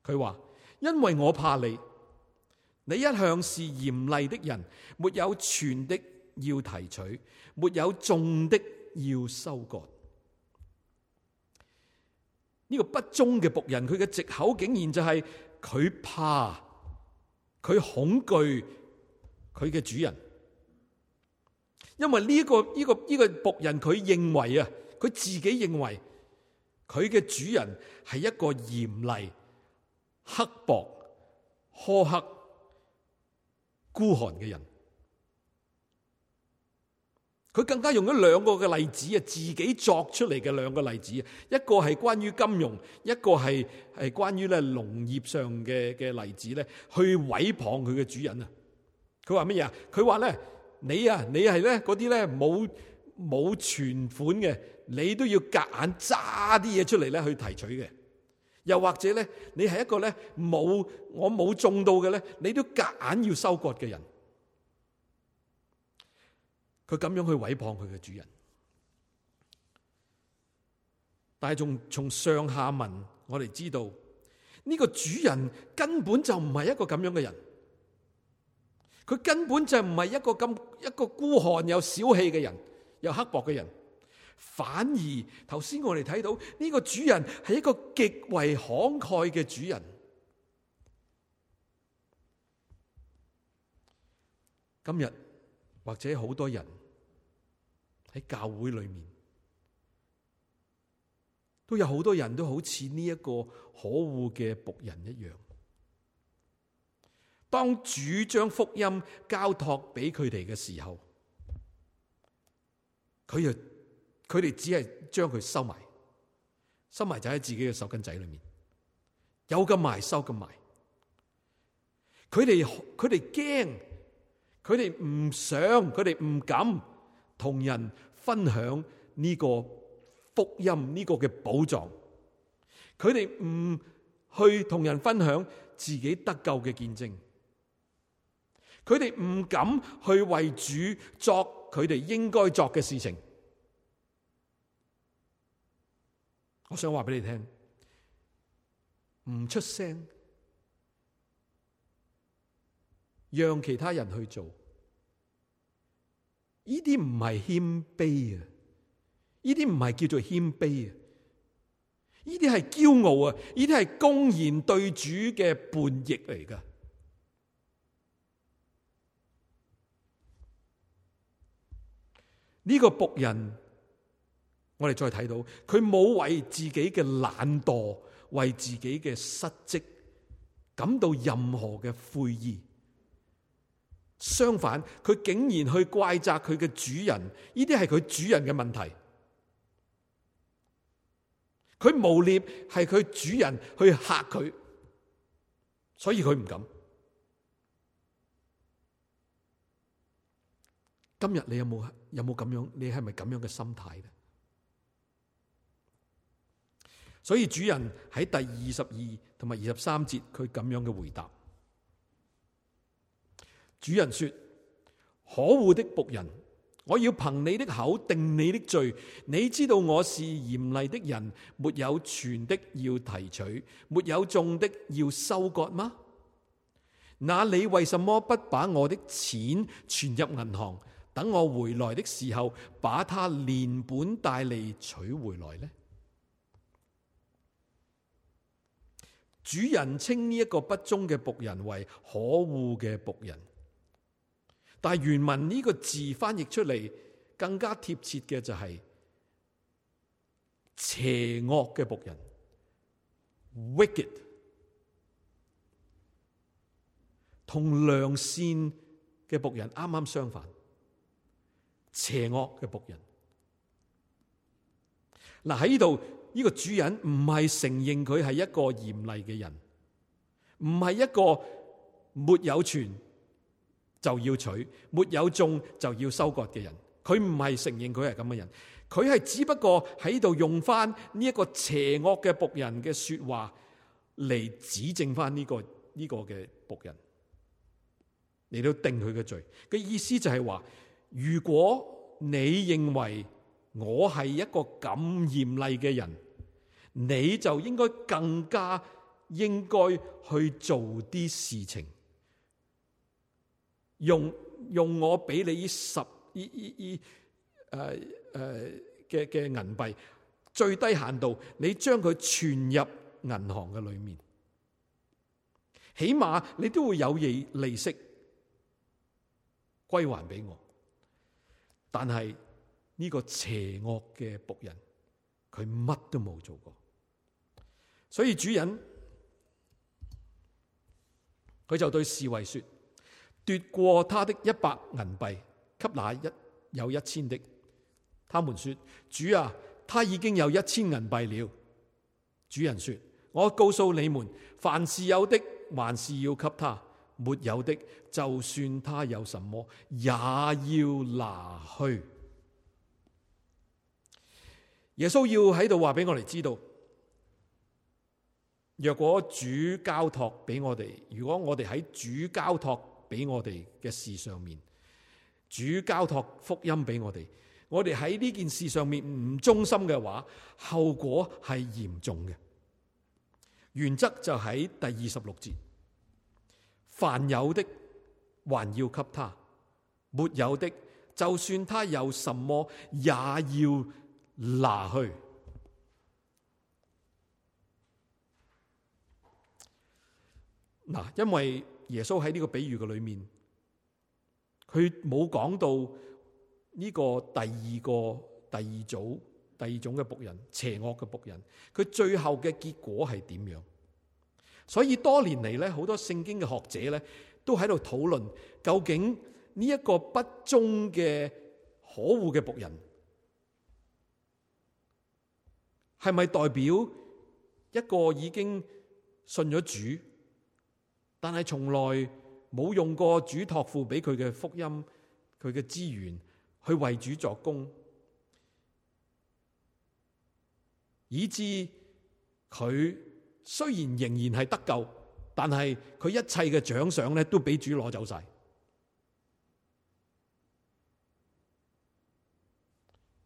佢話：因為我怕你，你一向是嚴厲的人，沒有存的要提取，沒有種的要收割。呢個不忠嘅僕人，佢嘅籍口竟然就係佢怕，佢恐懼佢嘅主人。因為呢個呢個呢個僕人，佢認為啊，佢自己認為佢嘅主人係一個嚴厲。刻薄、苛刻、孤寒嘅人，佢更加用咗兩個嘅例子啊，自己作出嚟嘅兩個例子，一個係關於金融，一個係係關於咧農業上嘅嘅例子咧，去毀謗佢嘅主人啊！佢話乜嘢啊？佢話咧，你啊，你係咧嗰啲咧冇冇存款嘅，你都要夾硬揸啲嘢出嚟咧去提取嘅。又或者咧，你係一個咧冇我冇種到嘅咧，你都夾硬要收割嘅人，佢咁樣去毀謗佢嘅主人。但係從從上下文，我哋知道呢個主人根本就唔係一個咁樣嘅人，佢根本就唔係一個咁一個孤寒又小氣嘅人，又刻薄嘅人。反而，頭先我哋睇到呢個主人係一個極為慷慨嘅主人。今日或者好多人喺教會裏面，都有好多人都好似呢一個可惡嘅僕人一樣。當主將福音交託俾佢哋嘅時候，佢又。佢哋只係將佢收埋，收埋就喺自己嘅手巾仔裏面，有咁埋收咁埋。佢哋佢哋驚，佢哋唔想，佢哋唔敢同人分享呢個福音呢個嘅寶藏。佢哋唔去同人分享自己得救嘅見證，佢哋唔敢去為主作佢哋應該作嘅事情。我想話俾你聽，唔出聲，讓其他人去做。呢啲唔係謙卑啊，呢啲唔係叫做謙卑啊，呢啲係驕傲啊，呢啲係公然對主嘅叛逆嚟噶。呢個僕人。我哋再睇到佢冇為自己嘅懶惰、為自己嘅失職感到任何嘅悔意。相反，佢竟然去怪責佢嘅主人，呢啲係佢主人嘅問題。佢誣賴係佢主人去嚇佢，所以佢唔敢。今日你有冇有冇咁樣？你係咪咁樣嘅心態咧？所以主人喺第二十二同埋二十三節，佢咁樣嘅回答。主人說：可惡的僕人，我要憑你的口定你的罪。你知道我是嚴厲的人，沒有存的要提取，沒有種的要收割嗎？那你為什麼不把我的錢存入銀行，等我回來的時候，把它連本帶利取回來呢？主人稱呢一個不忠嘅僕人為可惡嘅僕人，但係原文呢個字翻譯出嚟更加貼切嘅就係、是、邪惡嘅僕人 wicked 同良善嘅僕人啱啱相反，邪惡嘅僕人。嗱，喺呢度。呢個主人唔係承認佢係一個嚴厲嘅人，唔係一個沒有傳就要取，沒有種就要收割嘅人。佢唔係承認佢係咁嘅人，佢係只不過喺度用翻呢一個邪惡嘅僕人嘅說話嚟指證翻、呢個、呢個呢、呢個嘅僕人嚟到定佢嘅罪。嘅意思就係話，如果你認為。我係一個咁嚴厲嘅人，你就應該更加應該去做啲事情，用用我俾你十依依依誒誒嘅嘅銀幣，最低限度你將佢存入銀行嘅裏面，起碼你都會有嘢利息歸還俾我，但係。呢個邪惡嘅僕人，佢乜都冇做過，所以主人佢就對侍衛說：奪過他的一百銀幣，給那一有一千的。他們說：主啊，他已經有一千銀幣了。主人說：我告訴你們，凡是有的還是要給他，沒有的，就算他有什麼，也要拿去。耶穌要喺度話俾我哋知道，若果主交託俾我哋，如果我哋喺主交託俾我哋嘅事上面，主交託福音俾我哋，我哋喺呢件事上面唔忠心嘅話，後果係嚴重嘅。原則就喺第二十六節，凡有的還要給他，沒有的就算他有什麼也要。拿去嗱。因為耶穌喺呢個比喻嘅裏面，佢冇講到呢個第二個、第二組、第二種嘅僕人，邪惡嘅僕人，佢最後嘅結果係點樣？所以多年嚟咧，好多聖經嘅學者咧，都喺度討論究竟呢一個不忠嘅可惡嘅僕人。係咪代表一個已經信咗主，但係從來冇用過主托付俾佢嘅福音、佢嘅資源去為主作工，以至佢雖然仍然係得救，但係佢一切嘅獎賞咧都俾主攞走晒。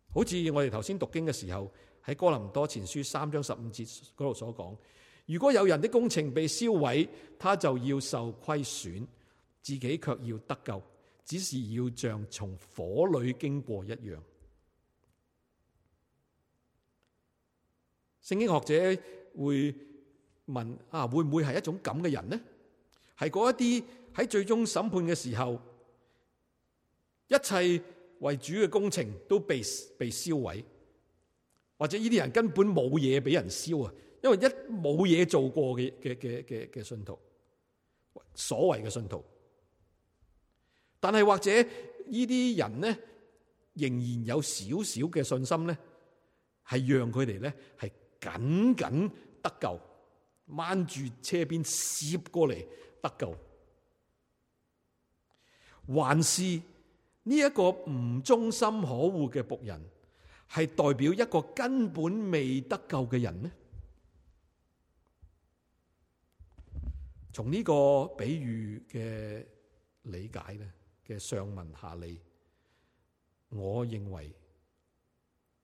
好似我哋頭先讀經嘅時候。喺哥林多前書三章十五節嗰度所講，如果有人的工程被燒毀，他就要受虧損，自己卻要得救，只是要像從火裏經過一樣。聖經學者會問：啊，會唔會係一種咁嘅人呢？係嗰一啲喺最終審判嘅時候，一切為主嘅工程都被被燒毀。或者呢啲人根本冇嘢俾人燒啊，因為一冇嘢做過嘅嘅嘅嘅嘅信徒，所謂嘅信徒。但係或者這些呢啲人咧，仍然有少少嘅信心咧，係讓佢哋咧係緊緊得救，掹住車邊攝過嚟得救，還是呢一個唔忠心可惡嘅僕人？係代表一個根本未得救嘅人呢？從呢個比喻嘅理解呢，嘅上文下理，我認為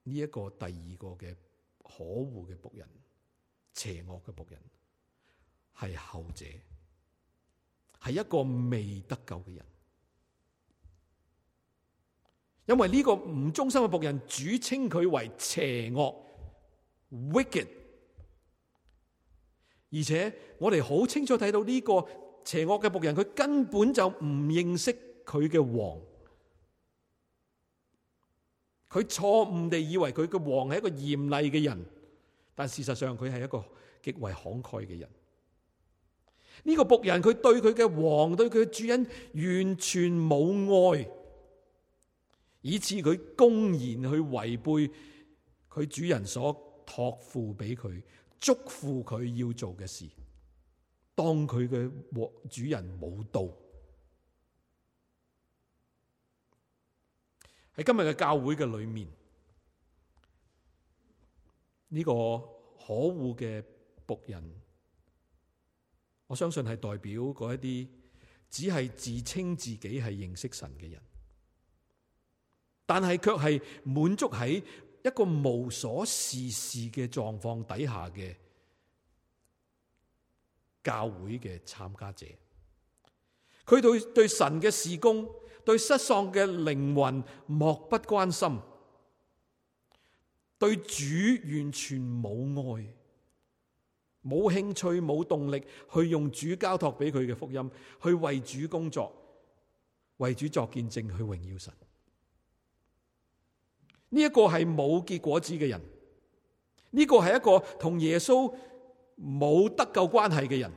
呢一個第二個嘅可惡嘅僕人、邪惡嘅僕人，係後者，係一個未得救嘅人。因為呢個唔忠心嘅僕人，主稱佢為邪惡、Wicked，而且我哋好清楚睇到呢個邪惡嘅僕人，佢根本就唔認識佢嘅王，佢錯誤地以為佢嘅王係一個嚴厲嘅人，但事實上佢係一個極為慷慨嘅人。呢、這個僕人佢對佢嘅王、對佢嘅主人完全冇愛。以此佢公然去違背佢主人所託付俾佢囑咐佢要做嘅事，當佢嘅主人冇到，喺今日嘅教會嘅裏面，呢個可惡嘅僕人，我相信係代表一啲只係自稱自己係認識神嘅人。但係，卻係滿足喺一個無所事事嘅狀況底下嘅教會嘅參加者，佢對對神嘅事工、對失喪嘅靈魂漠不關心，對主完全冇愛，冇興趣、冇動力去用主交託俾佢嘅福音去為主工作，為主作見證去榮耀神。呢一個係冇結果子嘅人，呢、這個係一個同耶穌冇得救關係嘅人，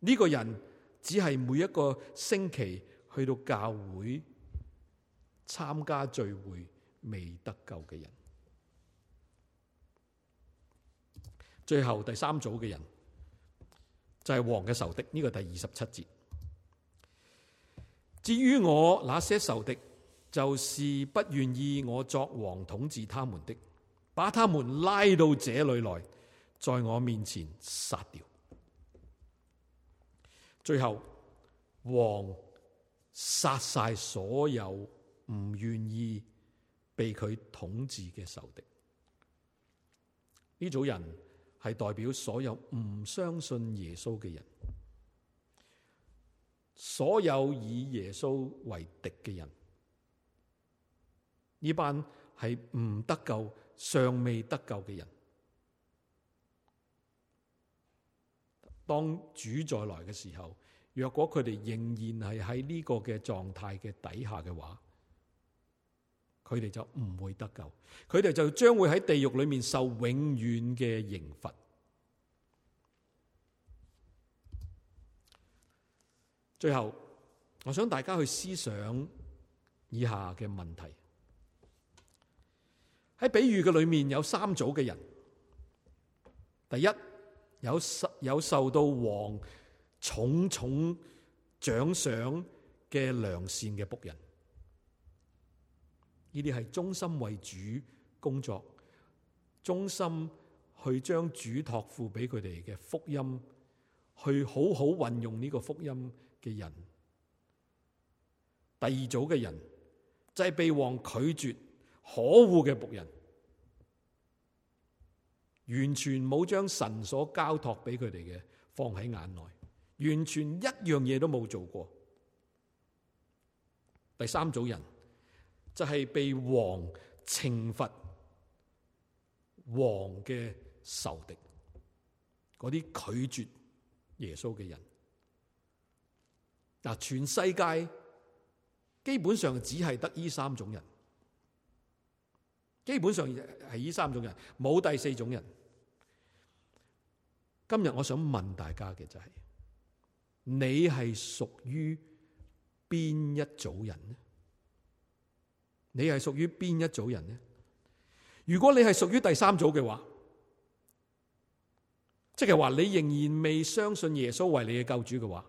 呢、這個人只係每一個星期去到教會參加聚會未得救嘅人。最後第三組嘅人就係、是、王嘅仇敵，呢、這個第二十七節。至於我那些仇敵。就是不願意我作王統治他們的，把他們拉到這裏來，在我面前殺掉。最後，王殺晒所有唔願意被佢統治嘅仇敵。呢組人係代表所有唔相信耶穌嘅人，所有以耶穌為敵嘅人。呢班係唔得救、尚未得救嘅人，當主再來嘅時候，若果佢哋仍然係喺呢個嘅狀態嘅底下嘅話，佢哋就唔會得救，佢哋就將會喺地獄裏面受永遠嘅刑罰。最後，我想大家去思想以下嘅問題。喺比喻嘅裏面有三組嘅人，第一，有受有受到王重重獎賞嘅良善嘅僕人，呢啲係忠心為主工作、忠心去將主托付俾佢哋嘅福音，去好好運用呢個福音嘅人。第二組嘅人就係、是、被王拒絕。可惡嘅僕人，完全冇將神所交託俾佢哋嘅，放喺眼內，完全一樣嘢都冇做過。第三組人就係、是、被王懲罰、王嘅仇敵，嗰啲拒絕耶穌嘅人。嗱，全世界基本上只係得呢三種人。基本上係呢三種人，冇第四種人。今日我想問大家嘅就係、是，你係屬於邊一組人呢？你係屬於邊一組人呢？如果你係屬於第三組嘅話，即係話你仍然未相信耶穌為你嘅救主嘅話，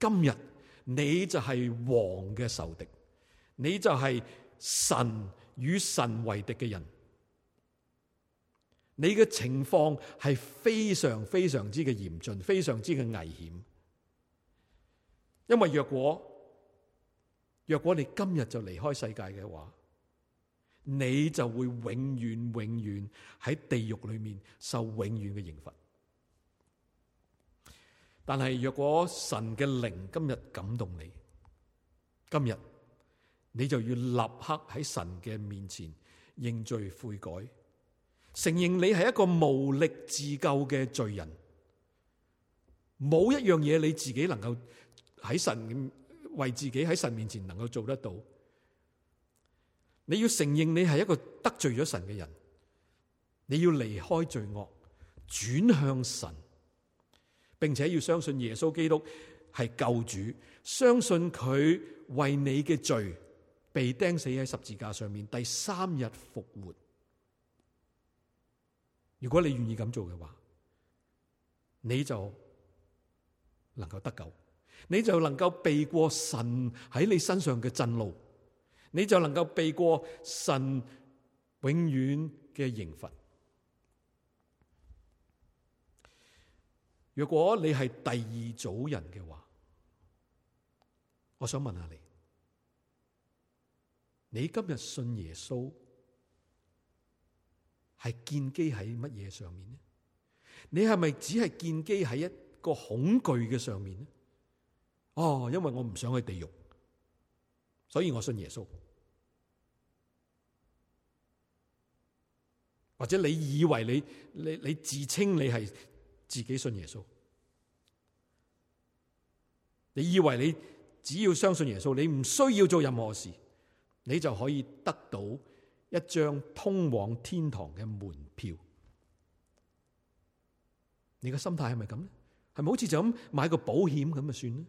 今日你就係王嘅仇敵，你就係神，與神為敵嘅人，你嘅情況係非常非常之嘅嚴峻，非常之嘅危險。因為若果，若果你今日就離開世界嘅話，你就會永遠永遠喺地獄裏面受永遠嘅刑罰。但係若果神嘅靈今日感動你，今日。你就要立刻喺神嘅面前認罪悔改，承認你係一個無力自救嘅罪人，冇一樣嘢，你自己能夠喺神為自己喺神面前能夠做得到。你要承認你係一個得罪咗神嘅人，你要離開罪惡，轉向神，並且要相信耶穌基督係救主，相信佢為你嘅罪，被釘死喺十字架上面，第三日復活。如果你願意咁做嘅話，你就能夠得救，你就能夠避過神喺你身上嘅震怒，你就能夠避過神永遠嘅刑罰。如果你係第二組人嘅話，我想問下你。你今日信耶穌，係建基喺乜嘢上面呢？你係咪只係建基喺一個恐懼嘅上面呢？哦，因為我唔想去地獄，所以我信耶穌。或者你以為你你你自稱你係自己信耶穌，你以為你只要相信耶穌，你唔需要做任何事。你就可以得到一張通往天堂嘅門票，你的是是。你個心態係咪咁咧？係咪好似就咁買個保險咁啊？算呢？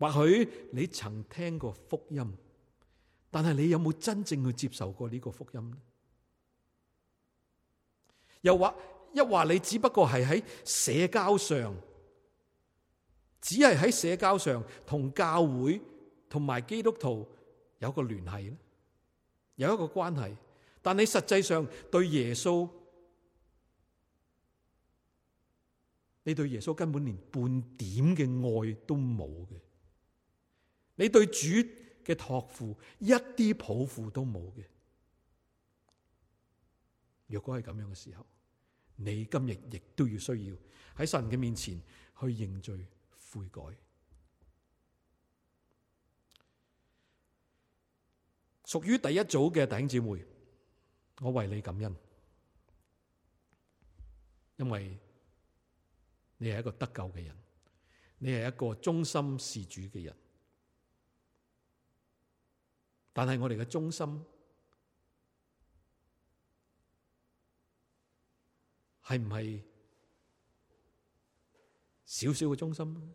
或許你曾聽過福音，但係你有冇真正去接受過呢個福音呢？又話一話，你只不過係喺社交上，只係喺社交上同教會。同埋基督徒有個聯繫，有一個關係，但你實際上對耶穌，你對耶穌根本連半點嘅愛都冇嘅，你對主嘅託付一啲抱負都冇嘅。若果係咁樣嘅時候，你今日亦都要需要喺神嘅面前去認罪悔改。屬於第一組嘅弟兄姊妹，我為你感恩，因為你係一個得救嘅人，你係一個忠心事主嘅人，但係我哋嘅忠心係唔係少少嘅忠心，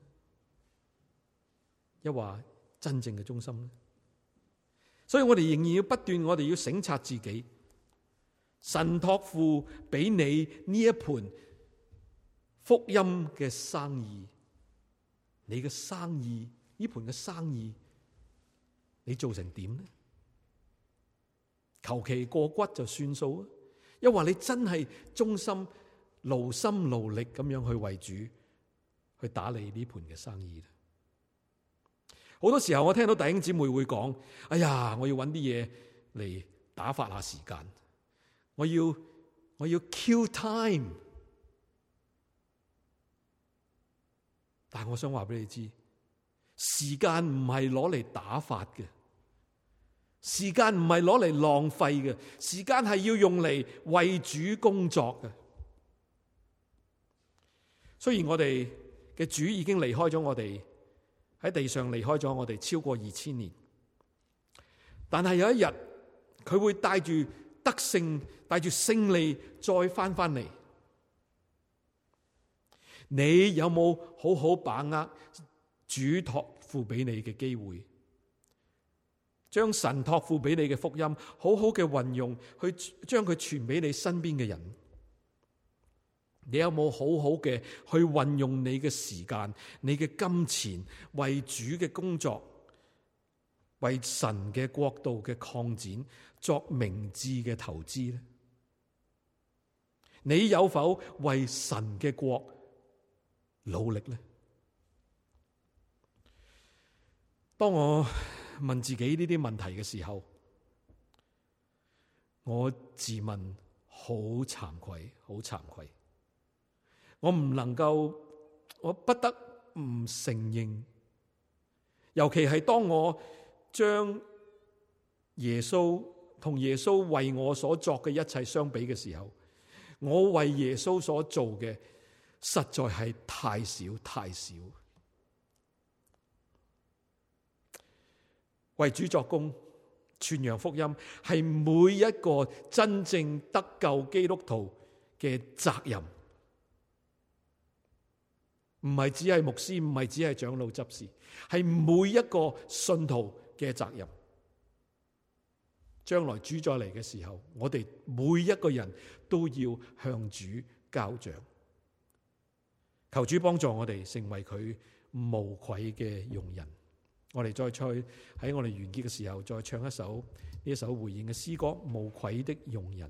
抑或真正嘅忠心咧？所以我哋仍然要不斷，我哋要省察自己。神託付俾你呢一盤福音嘅生意，你嘅生意呢盤嘅生意，你做成點呢？求其過骨就算數啊！又或你真係忠心、勞心勞力咁樣去為主去打理呢盤嘅生意。好多時候我聽到弟兄姊妹會講：哎呀，我要揾啲嘢嚟打發下時間，我要我要 kill time。但係我想話俾你知，時間唔係攞嚟打發嘅，時間唔係攞嚟浪費嘅，時間係要用嚟為主工作嘅。雖然我哋嘅主已經離開咗我哋。喺地上離開咗我哋超過二千年，但係有一日，佢會帶住得勝帶住勝利再翻翻嚟。你有冇好好把握主托付俾你嘅機會，將神託付俾你嘅福音好好嘅運用去將佢傳俾你身邊嘅人？你有冇好好嘅去運用你嘅時間、你嘅金錢為主嘅工作，為神嘅國度嘅擴展作明智嘅投資呢？你有否為神嘅國努力呢？當我問自己呢啲問題嘅時候，我自問好慚愧，好慚愧。我唔能夠，我不得唔承認。尤其係當我將耶穌同耶穌為我所作嘅一切相比嘅時候，我為耶穌所做嘅實在係太少太少。為主作工，傳揚福音係每一個真正得救基督徒嘅責任。唔係只係牧師，唔係只係長老執事，係每一個信徒嘅責任。將來主再嚟嘅時候，我哋每一個人都要向主交賬，求主幫助我哋成為佢無愧嘅用人。我哋再唱，喺我哋完結嘅時候，再唱一首呢一首回應嘅詩歌《無愧的用人》。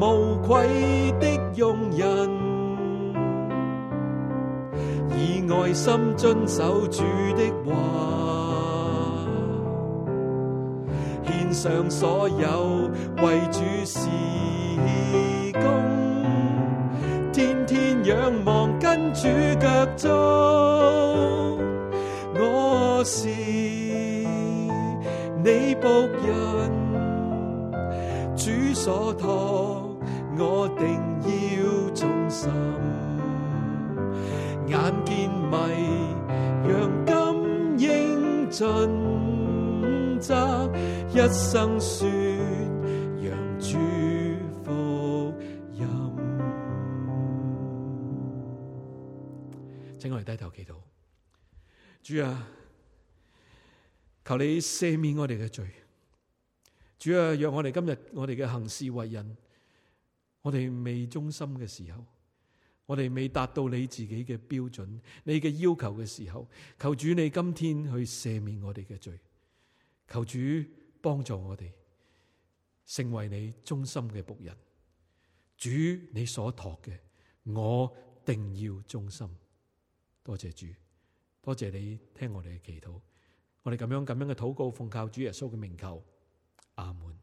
無愧的用人，以愛心遵守主的話，獻上所有為主事。低頭祈禱，主啊，求你赦免我哋嘅罪。主啊，若我哋今日我哋嘅行事為人，我哋未忠心嘅時候，我哋未達到你自己嘅標準，你嘅要求嘅時候，求主你今天去赦免我哋嘅罪。求主幫助我哋成為你忠心嘅僕人。主你所託嘅，我定要忠心。多謝主，多謝你聽我哋嘅祈禱，我哋咁樣咁樣嘅禱告，奉靠主耶穌嘅名求，阿門。